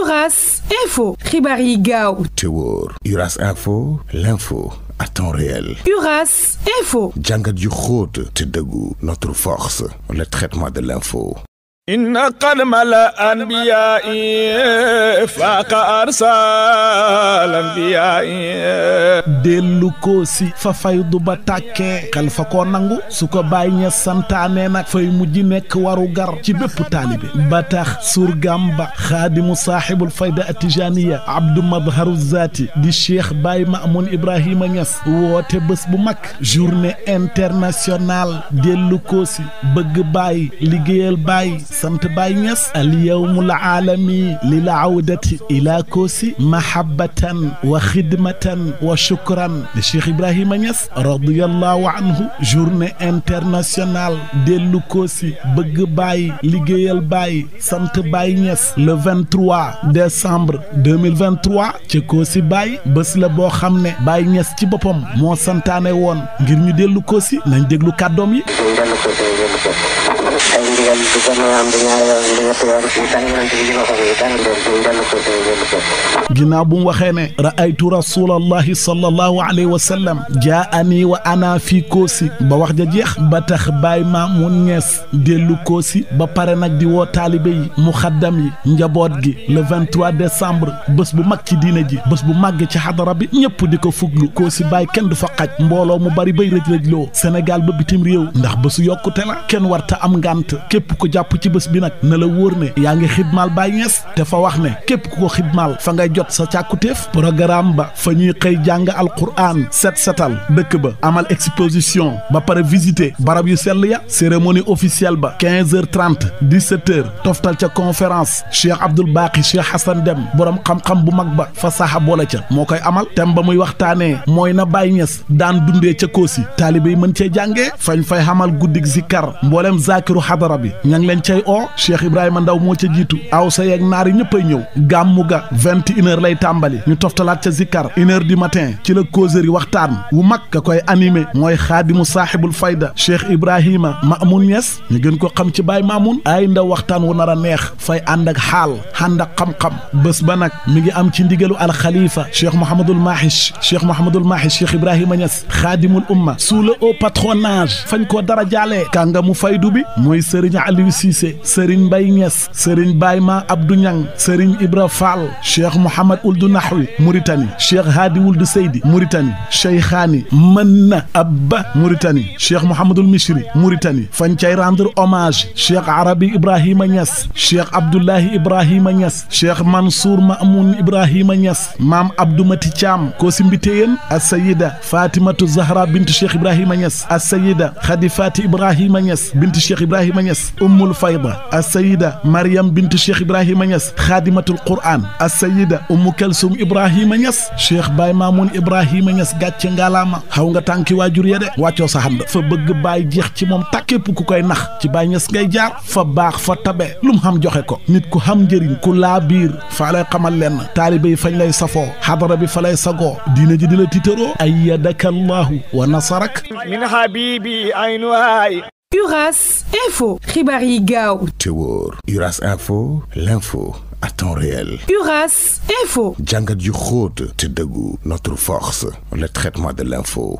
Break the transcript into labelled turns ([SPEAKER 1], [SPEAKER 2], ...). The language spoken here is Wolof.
[SPEAKER 1] Uras Info. Ribari Gao. Tewor. Uras Info. L'info à temps réel. Uras Info. Django du te Notre force. Le traitement de l'info. إن قد ملأ أنبيائي فاق أرسال أنبيائي dellu koo si fa faydu ba tàkkee xel fa koo nangu su ko bàyyi ña santaane nag fay mujj nekk waru gar ci bépp taalibe ba tax surgam ba xaadimu saaxibul fayda atijaniya abdu madharu zaati di cheikh Baye Mamoun Ibrahima Niass woote bés bu mag journée internationale dellu koo si bëgg bàyyi liggéeyal bàyyi سمت بايميس اليوم العالمي للعودة إلى كوسي محبة وخدمة وشكرا لشيخ إبراهيم أنيس رضي الله عنه جورن انترناسيونال ديلو كوسي بغ باي لغيال باي سمت بايميس ل 23 ديسمبر 2023 تكوسي باي بس لبو خمنا بايميس تبقم مو سنتاني وون جرمي ديلو كوسي نجدلو كادومي ndigal ginnaaw bu mu waxee ne raaytu rasulallahi sallallahu alayhi wa sallam jaani wa ana fii koosi ba wax ja jeex ba tax bàyyi ma mu ñees dellu koosi ba pare nag di woo taalibe yi muxaddam yi njaboot gi le 23 décembre bés bu mag ci diine ji bés bu màgg ci xadara bi ñépp di ko fuglu koosi bàyyi kenn du fa xaj mbooloo mu bari bay rëj-rëjloo Sénégal ba bitim réew ndax bésu yokkute la kenn warta am ngànt képp ku jàpp ci bés bi nag na la wóor ne yaa ngi xidmaal Baay Ñas te fa wax ne képp ku ko xidmaal fa ngay jot sa càkkutéef programme ba fa ñuy xëy jàng al alquran set setal dëkk ba amal exposition ba pare visiter barab yu sell ya cérémonie officielle ba 15 heures 30 17 heures toftal ca conférence Cheikh Abdoul Baqi Cheikh Hassan Dem boroom xam-xam bu mag ba fa saxa boole ca moo koy amal thème ba muy waxtaanee mooy na Baay Ñas daan dundee ca Koosi taalibe yi mën cee jàngee fañ fay xamal guddig zikar mbooleem zakiru arabi ñang leen cey o Cheikh Ibrahima Ndaw moo ca jiitu aw sa yeeg naar yi ñëppay ñëw gàmmu ga 21 heure lay tàmbali ñu toftalaat ca zikkar 1 heure du matin ci la yi waxtaan wu mag ka koy animé mooy xaadimu saaxibul fayda Cheikh Ibrahima Mamoun yes ñu gën ko xam ci Baye Mamoun ay ndaw waxtaan wu nar a neex fay ànd ak xaal ànd ak xam-xam bés ba nag mi ngi am ci ndigalu khalifa Cheikh Mouhamadul Mahish Cheikh Mouhamadul Mahish Cheikh Ibrahima Niass xaadimul umma sous le au patronage fañ ko dara jaalee kànga mu faydu bi mooy sëriñ Aliou Cissé sëriñ Mbaye Niass sëriñ Baye Ma Abdou Niang sëriñ Ibra Fall cheikh Mouhamad Ould Nahwi Mauritanie cheikh Hadi Ould Seydi Mauritanie Cheikhaani mën na Abba Mauritanie cheikh Mouhamadul Misri Mauritanie fañ cay rendre hommage cheikh Arabi Ibrahima Niass cheikh Abdoulahi Ibrahima Niass cheikh Mansour Mamoun Ibrahima Niass maam Abdou Mati Thiam koo si mbitéyeen asayida Zahra bintu cheikh Ibrahima Niass asayida Khadi Fati Ibrahima Niass bintu cheikh Ibrahima Niass Niass ummul fayda asayida Mariam bint Cheikh Ibrahima Niass xaadimatul Qur'an asayida ummu Kalsum Ibrahima Niass Cheikh Baye Mamoun Ibrahima Niass gàcce ngalaama xaw nga tànki waajur ya de wàccoo sa xand fa bëgg Baye jeex ci moom tàkképp ku koy nax ci Baye Niass ngay jaar fa baax fa tabe lu mu xam joxe ko nit ku xam njëriñ ku laa biir faa lay xamal lenn taalibe yi fañ lay safoo xadara bi fa lay sagoo diina ji di la tiitaroo ayyadaka allahu wa nasarak min habibi Uras Info Ribari Gao Uras Info l'info à temps réel Uras Info jàngat du notre force le traitement de l'info